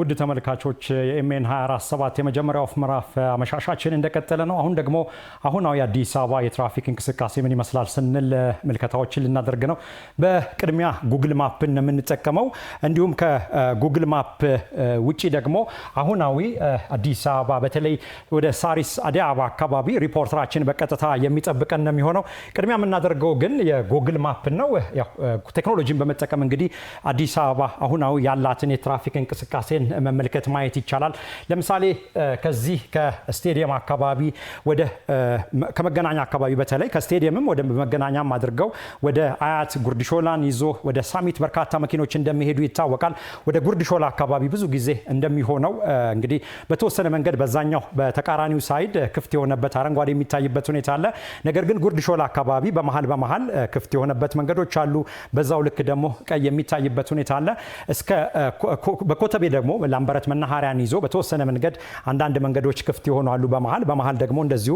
ውድ ተመልካቾች የኤምኤን 247 ኦፍ ምዕራፍ አመሻሻችን እንደቀጠለ ነው። አሁን ደግሞ አሁናዊ የአዲስ አበባ የትራፊክ እንቅስቃሴ ምን ይመስላል ስንል ምልከታዎችን ልናደርግ ነው። በቅድሚያ ጉግል ማፕን የምንጠቀመው እንዲሁም ከጉግል ማፕ ውጪ ደግሞ አሁናዊ አዲስ አበባ በተለይ ወደ ሳሪስ አዲስ አበባ አካባቢ ሪፖርተራችን በቀጥታ የሚጠብቀን ነው የሚሆነው። ቅድሚያ የምናደርገው ግን የጉግል ማፕን ነው። ቴክኖሎጂን በመጠቀም እንግዲህ አዲስ አበባ አሁናዊ ያላትን የትራፊክ እንቅስቃሴ ሁኔታዎችን መመልከት ማየት ይቻላል። ለምሳሌ ከዚህ ከስቴዲየም አካባቢ ወደ ከመገናኛ አካባቢ በተለይ ከስቴዲየምም ወደ መገናኛም አድርገው ወደ አያት ጉርድሾላን ይዞ ወደ ሳሚት በርካታ መኪኖች እንደሚሄዱ ይታወቃል። ወደ ጉርድሾላ አካባቢ ብዙ ጊዜ እንደሚሆነው እንግዲህ በተወሰነ መንገድ በዛኛው በተቃራኒው ሳይድ ክፍት የሆነበት አረንጓዴ የሚታይበት ሁኔታ አለ። ነገር ግን ጉርድሾላ አካባቢ በመሀል በመሀል ክፍት የሆነበት መንገዶች አሉ። በዛው ልክ ደግሞ ቀይ የሚታይበት ሁኔታ አለ። እስከ በኮተቤ ደግሞ ደግሞ ላምበረት መናኸሪያን ይዞ በተወሰነ መንገድ አንዳንድ መንገዶች ክፍት የሆኑ አሉ። በመሀል በመሀል ደግሞ እንደዚሁ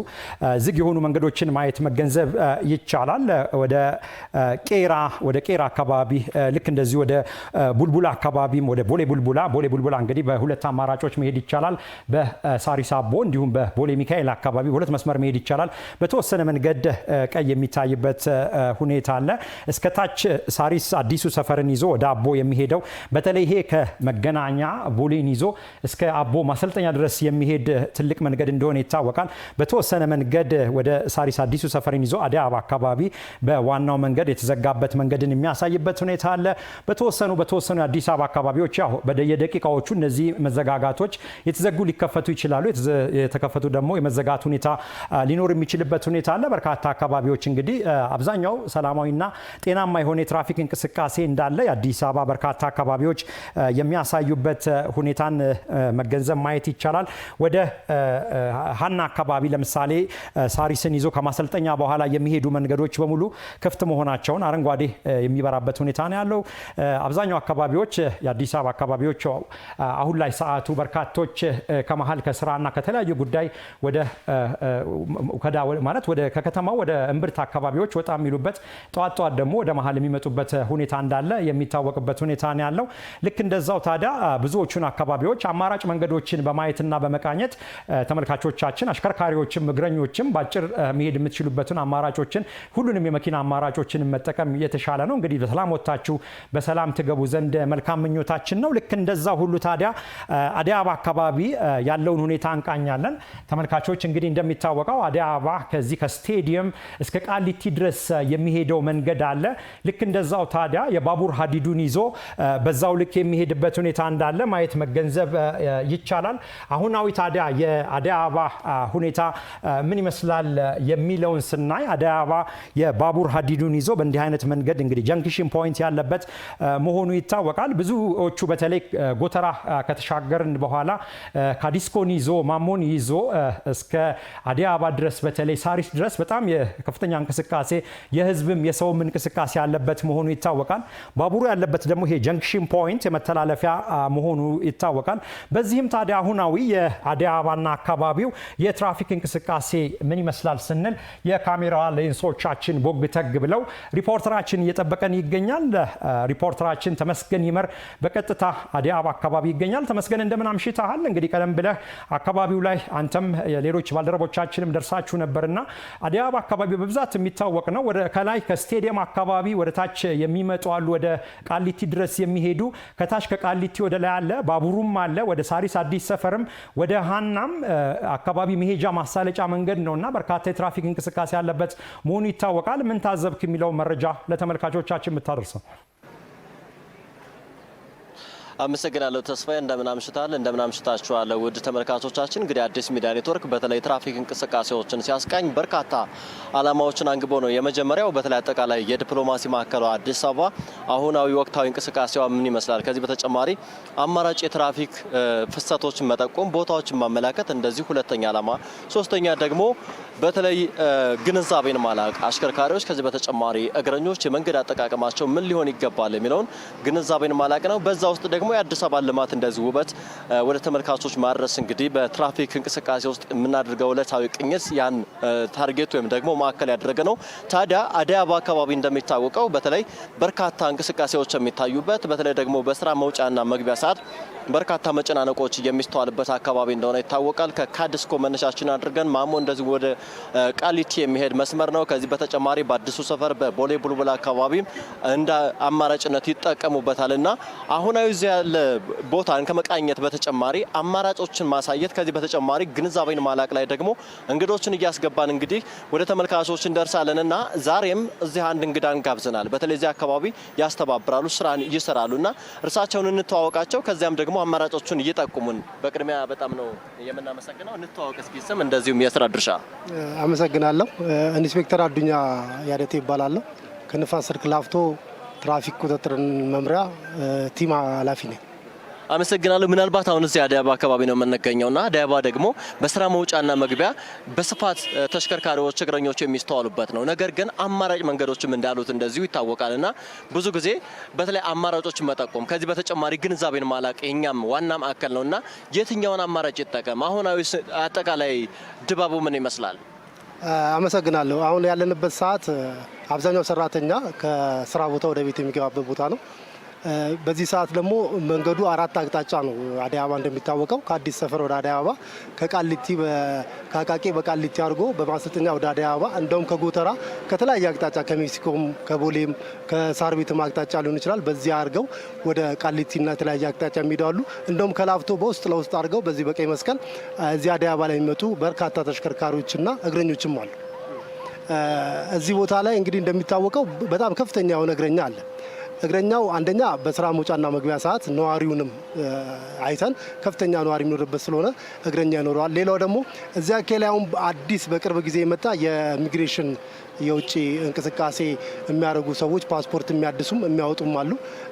ዝግ የሆኑ መንገዶችን ማየት መገንዘብ ይቻላል። ወደ ቄራ ወደ ቄራ አካባቢ ልክ እንደዚሁ ወደ ቡልቡላ አካባቢም ወደ ቦሌ ቡልቡላ ቦሌ ቡልቡላ እንግዲህ በሁለት አማራጮች መሄድ ይቻላል። በሳሪስ አቦ እንዲሁም በቦሌ ሚካኤል አካባቢ ሁለት መስመር መሄድ ይቻላል። በተወሰነ መንገድ ቀይ የሚታይበት ሁኔታ አለ። እስከታች ሳሪስ አዲሱ ሰፈርን ይዞ ወደ አቦ የሚሄደው በተለይ ይሄ ከመገናኛ ቦሌን ይዞ እስከ አቦ ማሰልጠኛ ድረስ የሚሄድ ትልቅ መንገድ እንደሆነ ይታወቃል። በተወሰነ መንገድ ወደ ሳሪስ አዲሱ ሰፈርን ይዞ አዲስ አበባ አካባቢ በዋናው መንገድ የተዘጋበት መንገድን የሚያሳይበት ሁኔታ አለ። በተወሰኑ በተወሰኑ የአዲስ አበባ አካባቢዎች ያው በየደቂቃዎቹ እነዚህ መዘጋጋቶች የተዘጉ ሊከፈቱ ይችላሉ። የተከፈቱ ደግሞ የመዘጋት ሁኔታ ሊኖር የሚችልበት ሁኔታ አለ። በርካታ አካባቢዎች እንግዲህ አብዛኛው ሰላማዊና ጤናማ የሆነ የትራፊክ እንቅስቃሴ እንዳለ የአዲስ አበባ በርካታ አካባቢዎች የሚያሳዩበት ሁኔታን መገንዘብ ማየት ይቻላል። ወደ ሀና አካባቢ ለምሳሌ ሳሪስን ይዞ ከማሰልጠኛ በኋላ የሚሄዱ መንገዶች በሙሉ ክፍት መሆናቸውን አረንጓዴ የሚበራበት ሁኔታ ነው ያለው። አብዛኛው አካባቢዎች የአዲስ አበባ አካባቢዎች አሁን ላይ ሰዓቱ በርካቶች ከመሀል ከስራና ከተለያዩ ጉዳይ ማለት ወደ ከከተማው ወደ እምብርት አካባቢዎች ወጣ የሚሉበት ጠዋት ጠዋት ደግሞ ወደ መሀል የሚመጡበት ሁኔታ እንዳለ የሚታወቅበት ሁኔታ ነው ያለው። ልክ እንደዛው ታዲያ ብዙ የከተሞቹን አካባቢዎች አማራጭ መንገዶችን በማየትና በመቃኘት ተመልካቾቻችን፣ አሽከርካሪዎችም እግረኞችም በአጭር መሄድ የምትችሉበትን አማራጮችን ሁሉንም የመኪና አማራጮችን መጠቀም የተሻለ ነው። እንግዲህ በሰላም ወጥታችሁ በሰላም ትገቡ ዘንድ መልካም ምኞታችን ነው። ልክ እንደዛ ሁሉ ታዲያ አዲስ አበባ አካባቢ ያለውን ሁኔታ እንቃኛለን። ተመልካቾች እንግዲህ እንደሚታወቀው አዲስ አበባ ከዚህ ከስቴዲየም እስከ ቃሊቲ ድረስ የሚሄደው መንገድ አለ። ልክ እንደዛው ታዲያ የባቡር ሀዲዱን ይዞ በዛው ልክ የሚሄድበት ሁኔታ እንዳለ ማየት መገንዘብ ይቻላል። አሁናዊ ታዲያ የአደይ አበባ ሁኔታ ምን ይመስላል የሚለውን ስናይ አደይ አበባ የባቡር ሀዲዱን ይዞ በእንዲህ አይነት መንገድ እንግዲህ ጀንክሽን ፖይንት ያለበት መሆኑ ይታወቃል። ብዙዎቹ በተለይ ጎተራ ከተሻገርን በኋላ ካዲስኮን ይዞ ማሞን ይዞ እስከ አደይ አበባ ድረስ በተለይ ሳሪስ ድረስ በጣም የከፍተኛ እንቅስቃሴ የህዝብም የሰውም እንቅስቃሴ ያለበት መሆኑ ይታወቃል። ባቡሩ ያለበት ደግሞ ይሄ ጀንክሽን ፖይንት የመተላለፊያ መሆኑ ይታወቃል። በዚህም ታዲያ አሁናዊ የአዲስ አበባና አካባቢው የትራፊክ እንቅስቃሴ ምን ይመስላል ስንል የካሜራ ሌንሶቻችን ቦግ ተግ ብለው ሪፖርተራችን እየጠበቀን ይገኛል። ሪፖርተራችን ተመስገን ይመር በቀጥታ አዲስ አበባ አካባቢ ይገኛል። ተመስገን እንደምን አምሽተሃል? እንግዲህ ቀደም ብለህ አካባቢው ላይ አንተም ሌሎች ባልደረቦቻችንም ደርሳችሁ ነበርና አዲስ አበባ አካባቢ በብዛት የሚታወቅ ነው። ወደ ከላይ ከስቴዲየም አካባቢ ወደ ታች የሚመጡ አሉ፣ ወደ ቃሊቲ ድረስ የሚሄዱ ከታች ከቃሊቲ ወደ ላይ አለ፣ ባቡሩም አለ። ወደ ሳሪስ አዲስ ሰፈርም ወደ ሃናም አካባቢ መሄጃ ማሳለጫ መንገድ ነው እና በርካታ የትራፊክ እንቅስቃሴ ያለበት መሆኑ ይታወቃል። ምን ታዘብክ የሚለው መረጃ ለተመልካቾቻችን የምታደርሰው አመሰግናለሁ ተስፋዬ። እንደምን አምሽታል፣ እንደምን አምሽታችኋል። ውድ ተመልካቾቻችን እንግዲህ አዲስ ሚዲያ ኔትወርክ በተለይ ትራፊክ እንቅስቃሴዎችን ሲያስቃኝ በርካታ አላማዎችን አንግቦ ነው። የመጀመሪያው በተለይ አጠቃላይ የዲፕሎማሲ ማዕከሏ አዲስ አበባ አሁናዊ ወቅታዊ እንቅስቃሴዋ ምን ይመስላል፣ ከዚህ በተጨማሪ አማራጭ የትራፊክ ፍሰቶችን መጠቆም፣ ቦታዎችን ማመላከት እንደዚህ ሁለተኛ አላማ፣ ሶስተኛ ደግሞ በተለይ ግንዛቤን ማላቅ አሽከርካሪዎች፣ ከዚህ በተጨማሪ እግረኞች የመንገድ አጠቃቀማቸው ምን ሊሆን ይገባል የሚለውን ግንዛቤን ማላቅ ነው። በዛ ውስጥ ደግሞ የአዲስ አበባ ልማት እንደዚህ ውበት ወደ ተመልካቾች ማድረስ እንግዲህ በትራፊክ እንቅስቃሴ ውስጥ የምናደርገው ዕለታዊ ቅኝት ያን ታርጌት ወይም ደግሞ ማዕከል ያደረገ ነው። ታዲያ አዲስ አበባ አካባቢ እንደሚታወቀው በተለይ በርካታ እንቅስቃሴዎች የሚታዩበት በተለይ ደግሞ በስራ መውጫና መግቢያ ሰዓት በርካታ መጨናነቆች የሚስተዋልበት አካባቢ እንደሆነ ይታወቃል። ከካድስኮ መነሻችን አድርገን ማሞ እንደዚህ ወደ ቃሊቲ የሚሄድ መስመር ነው። ከዚህ በተጨማሪ በአዲሱ ሰፈር በቦሌ ቡልቡል አካባቢ እንደ አማራጭነት ይጠቀሙበታል እና አሁናዊ ዚ ያለ ቦታን ከመቃኘት በተጨማሪ አማራጮችን ማሳየት፣ ከዚህ በተጨማሪ ግንዛቤን ማላቅ ላይ ደግሞ እንግዶችን እያስገባን እንግዲህ ወደ ተመልካቾች እንደርሳለን እና ዛሬም እዚህ አንድ እንግዳን ጋብዘናል። በተለይ እዚህ አካባቢ ያስተባብራሉ፣ ስራን ይሰራሉ እና እርሳቸውን እንተዋወቃቸው ከዚያም ደግሞ ደግሞ አማራጮቹን እየጠቁሙን በቅድሚያ በጣም ነው የምናመሰግነው። እንተዋወቅ እስኪ ስም፣ እንደዚሁም የስራ ድርሻ። አመሰግናለሁ። ኢንስፔክተር አዱኛ ያደቴ ይባላለሁ። ከንፋስ ስልክ ላፍቶ ትራፊክ ቁጥጥርን መምሪያ ቲም ኃላፊ ነኝ። አመሰግናለሁ። ምናልባት አሁን እዚህ አዲስ አካባቢ ነው የምንገኘው እና አደባ ደግሞ በስራ መውጫና መግቢያ በስፋት ተሽከርካሪዎች፣ እግረኞች የሚስተዋሉበት ነው። ነገር ግን አማራጭ መንገዶችም እንዳሉት እንደዚሁ ይታወቃል እና ብዙ ጊዜ በተለይ አማራጮችን መጠቆም ከዚህ በተጨማሪ ግንዛቤን ማላቅ የኛም ዋና ማዕከል ነው እና የትኛውን አማራጭ ይጠቀም? አሁናዊ አጠቃላይ ድባቡ ምን ይመስላል? አመሰግናለሁ። አሁን ያለንበት ሰዓት አብዛኛው ሰራተኛ ከስራ ቦታ ወደ ቤት የሚገባበት ቦታ ነው። በዚህ ሰዓት ደግሞ መንገዱ አራት አቅጣጫ ነው። አዲስ አበባ እንደሚታወቀው ከአዲስ ሰፈር ወደ አዲስ አበባ ከቃሊቲ ከአቃቂ በቃሊቲ አድርጎ በማሰልጠኛ ወደ አዲስ አበባ እንደውም ከጎተራ ከተለያየ አቅጣጫ ከሜክሲኮም ከቦሌም ከሳር ቤትም አቅጣጫ ሊሆን ይችላል። በዚህ አድርገው ወደ ቃሊቲና የተለያየ አቅጣጫ የሚሄዳሉ። እንደውም ከላፍቶ በውስጥ ለውስጥ አድርገው በዚህ በቀይ መስቀል እዚህ አዲስ አበባ ላይ የሚመጡ በርካታ ተሽከርካሪዎችና እግረኞችም አሉ። እዚህ ቦታ ላይ እንግዲህ እንደሚታወቀው በጣም ከፍተኛ የሆነ እግረኛ አለ። እግረኛው አንደኛ በስራ መውጫና መግቢያ ሰዓት ነዋሪውንም አይተን ከፍተኛ ነዋሪ የሚኖርበት ስለሆነ እግረኛ ይኖረዋል። ሌላው ደግሞ እዚያ ኬላያውን አዲስ በቅርብ ጊዜ የመጣ የኢሚግሬሽን የውጭ እንቅስቃሴ የሚያደርጉ ሰዎች ፓስፖርት የሚያድሱም የሚያወጡም አሉ።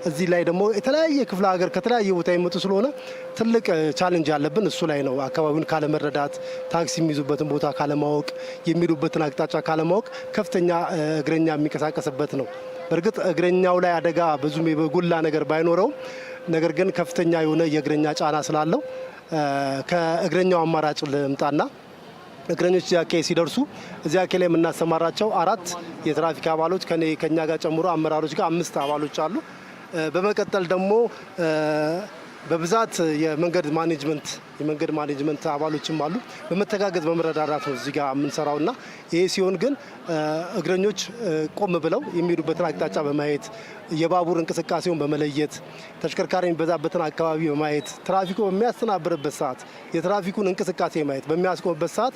እዚህ ላይ ደግሞ የተለያየ ክፍለ ሀገር ከተለያየ ቦታ የመጡ ስለሆነ ትልቅ ቻሌንጅ ያለብን እሱ ላይ ነው። አካባቢውን ካለመረዳት፣ ታክሲ የሚይዙበትን ቦታ ካለማወቅ፣ የሚሄዱበትን አቅጣጫ ካለማወቅ ከፍተኛ እግረኛ የሚንቀሳቀስበት ነው። በእርግጥ እግረኛው ላይ አደጋ ብዙም የጎላ ነገር ባይኖረውም ነገር ግን ከፍተኛ የሆነ የእግረኛ ጫና ስላለው ከእግረኛው አማራጭ ልምጣና እግረኞች እዚያ አካባቢ ሲደርሱ እዚያ አካባቢ ላይ የምናሰማራቸው አራት የትራፊክ አባሎች ከኔ ከኛ ጋር ጨምሮ አመራሮች ጋር አምስት አባሎች አሉ። በመቀጠል ደግሞ በብዛት የመንገድ ማኔጅመንት የመንገድ ማኔጅመንት አባሎችም አሉ። በመተጋገዝ በመረዳዳት ነው እዚጋ ጋር የምንሰራው እና ይሄ ሲሆን ግን እግረኞች ቆም ብለው የሚሄዱበትን አቅጣጫ በማየት የባቡር እንቅስቃሴውን በመለየት ተሽከርካሪ የሚበዛበትን አካባቢ በማየት ትራፊኩ በሚያስተናብርበት ሰዓት የትራፊኩን እንቅስቃሴ ማየት በሚያስቆምበት ሰዓት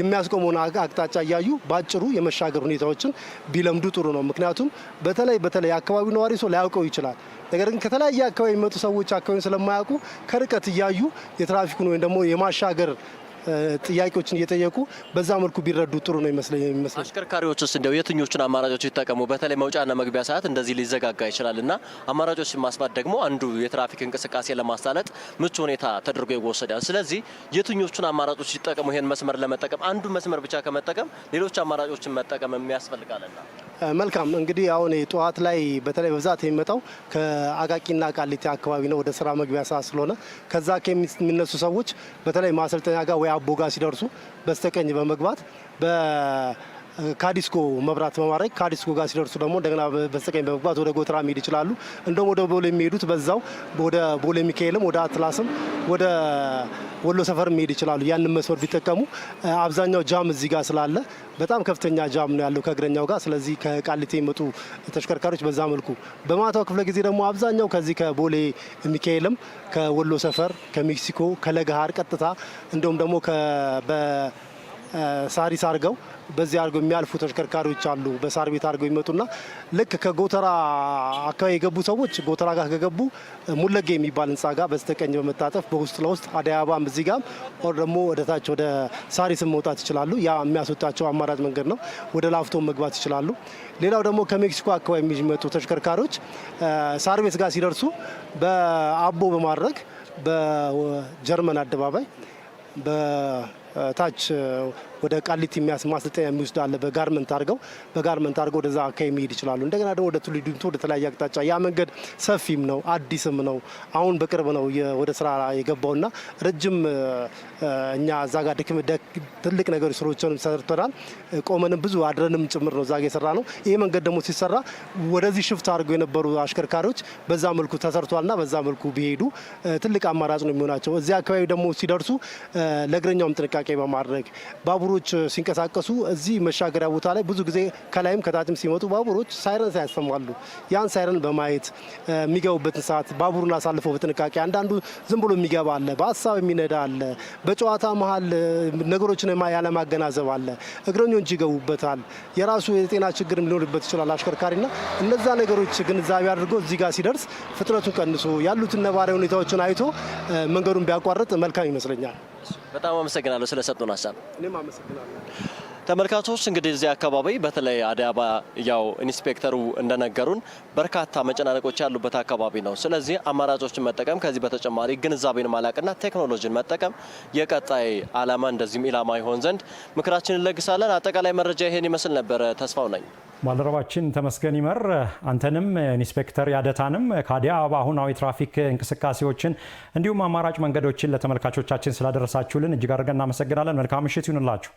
የሚያስቆመውን አቅጣጫ እያዩ በአጭሩ የመሻገር ሁኔታዎችን ቢለምዱ ጥሩ ነው። ምክንያቱም በተለይ በተለይ አካባቢው ነዋሪ ሰው ላያውቀው ይችላል። ነገር ግን ከተለያየ አካባቢ የሚመጡ ሰዎች አካባቢ ስለማያውቁ ከርቀት እያዩ የትራፊ የትራፊኩን ወይም ደግሞ የማሻገር ጥያቄዎችን እየጠየቁ በዛ መልኩ ቢረዱ ጥሩ ነው ይመስለኝ አሽከርካሪዎች ውስጥ እንደው የትኞቹን አማራጮች ይጠቀሙ? በተለይ መውጫና መግቢያ ሰዓት እንደዚህ ሊዘጋጋ ይችላል እና አማራጮችን ማስፋት ደግሞ አንዱ የትራፊክ እንቅስቃሴ ለማሳለጥ ምቹ ሁኔታ ተደርጎ ይወሰዳል። ስለዚህ የትኞቹን አማራጮች ይጠቀሙ? ይሄን መስመር ለመጠቀም አንዱ መስመር ብቻ ከመጠቀም ሌሎች አማራጮችን መጠቀም የሚያስፈልጋልና መልካም እንግዲህ አሁን ጠዋት ላይ በተለይ በብዛት የሚመጣው ከአቃቂና ቃሊቲ አካባቢ ነው። ወደ ስራ መግቢያ ሰዓት ስለሆነ ከዛ ከሚነሱ ሰዎች በተለይ ማሰልጠኛ ጋር ወይ አቦጋ ሲደርሱ በስተቀኝ በመግባት ከአዲስኮ መብራት በማድረግ ከአዲስኮ ጋር ሲደርሱ ደግሞ እንደገና በስተቀኝ በመግባት ወደ ጎተራ መሄድ ይችላሉ። እንደውም ወደ ቦሌ የሚሄዱት በዛው ወደ ቦሌ ሚካኤልም ወደ አትላስም ወደ ወሎ ሰፈር መሄድ ይችላሉ። ያንን መስመር ቢጠቀሙ አብዛኛው ጃም እዚህ ጋር ስላለ በጣም ከፍተኛ ጃም ነው ያለው ከእግረኛው ጋር። ስለዚህ ከቃሊቲ የመጡ ተሽከርካሪዎች በዛ መልኩ በማታው ክፍለ ጊዜ ደግሞ አብዛኛው ከዚህ ከቦሌ ሚካኤልም ከወሎ ሰፈር ከሜክሲኮ ከለገሃር ቀጥታ እንዲሁም ደግሞ ሳሪስ አድርገው በዚህ አድርገው የሚያልፉ ተሽከርካሪዎች አሉ። በሳር ቤት አድርገው ይመጡና ልክ ከጎተራ አካባቢ የገቡ ሰዎች ጎተራ ጋር ከገቡ ሙለጌ የሚባል ህንፃ ጋር በስተቀኝ በመታጠፍ በውስጥ ለውስጥ አደይ አበባም እዚህ ጋር ኦር ደግሞ ወደታች ወደ ሳሪስን መውጣት ይችላሉ። ያ የሚያስወጣቸው አማራጭ መንገድ ነው። ወደ ላፍቶ መግባት ይችላሉ። ሌላው ደግሞ ከሜክሲኮ አካባቢ የሚመጡ ተሽከርካሪዎች ሳር ቤት ጋር ሲደርሱ በአቦ በማድረግ በጀርመን አደባባይ ታች ወደ ቃሊቲ ማሰልጠኛ የሚወስድ አለ። በጋርመንት አድርገው በጋርመንት አድርገው ወደዛ አካባቢ መሄድ ይችላሉ። እንደገና ደግሞ ወደ ቱሉ ወደ ተለያየ አቅጣጫ ያ መንገድ ሰፊም ነው፣ አዲስም ነው። አሁን በቅርብ ነው ወደ ስራ የገባውና ረጅም እኛ እዛ ጋር ድክም ትልቅ ነገር ስሮችን ሰርተናል። ቆመንም ብዙ አድረንም ጭምር ነው እዛ ጋ የሰራ ነው። ይሄ መንገድ ደግሞ ሲሰራ ወደዚህ ሽፍት አድርገው የነበሩ አሽከርካሪዎች በዛ መልኩ ተሰርቷልና በዛ መልኩ ቢሄዱ ትልቅ አማራጭ ነው የሚሆናቸው። እዚያ አካባቢ ደግሞ ሲደርሱ ለእግረኛውም ጥንቃቄ በማድረግ ባቡ ባቡሮች ሲንቀሳቀሱ እዚህ መሻገሪያ ቦታ ላይ ብዙ ጊዜ ከላይም ከታችም ሲመጡ ባቡሮች ሳይረን ያሰማሉ። ያን ሳይረን በማየት የሚገቡበትን ሰዓት ባቡሩን አሳልፈው በጥንቃቄ አንዳንዱ ዝም ብሎ የሚገባ አለ፣ በሀሳብ የሚነዳ አለ፣ በጨዋታ መሀል ነገሮችን ያለማገናዘብ አለ፣ እግረኞች ይገቡበታል፣ የራሱ የጤና ችግር ሊኖርበት ይችላል አሽከርካሪና እነዛ ነገሮች ግንዛቤ አድርጎ እዚህ ጋር ሲደርስ ፍጥነቱን ቀንሶ ያሉትን ነባሪ ሁኔታዎችን አይቶ መንገዱን ቢያቋርጥ መልካም ይመስለኛል። በጣም አመሰግናለሁ ስለሰጡን ሀሳብ። እኔም አመሰግናለሁ። ተመልካቾች እንግዲህ እዚህ አካባቢ በተለይ አዲስ አበባ ያው ኢንስፔክተሩ እንደነገሩን በርካታ መጨናነቆች ያሉበት አካባቢ ነው። ስለዚህ አማራጮችን መጠቀም ከዚህ በተጨማሪ ግንዛቤን ማላቅና ቴክኖሎጂን መጠቀም የቀጣይ ዓላማ እንደዚህም ኢላማ ይሆን ዘንድ ምክራችንን እንለግሳለን። አጠቃላይ መረጃ ይሄን ይመስል ነበረ። ተስፋው ነኝ። ባልደረባችን ተመስገን ይመር አንተንም ኢንስፔክተር ያደታንም ከአዲስ አበባ አሁናዊ ትራፊክ እንቅስቃሴዎችን እንዲሁም አማራጭ መንገዶችን ለተመልካቾቻችን ስላደረሳችሁልን እጅግ አድርገን እናመሰግናለን። መልካም ምሽት ይሁንላችሁ።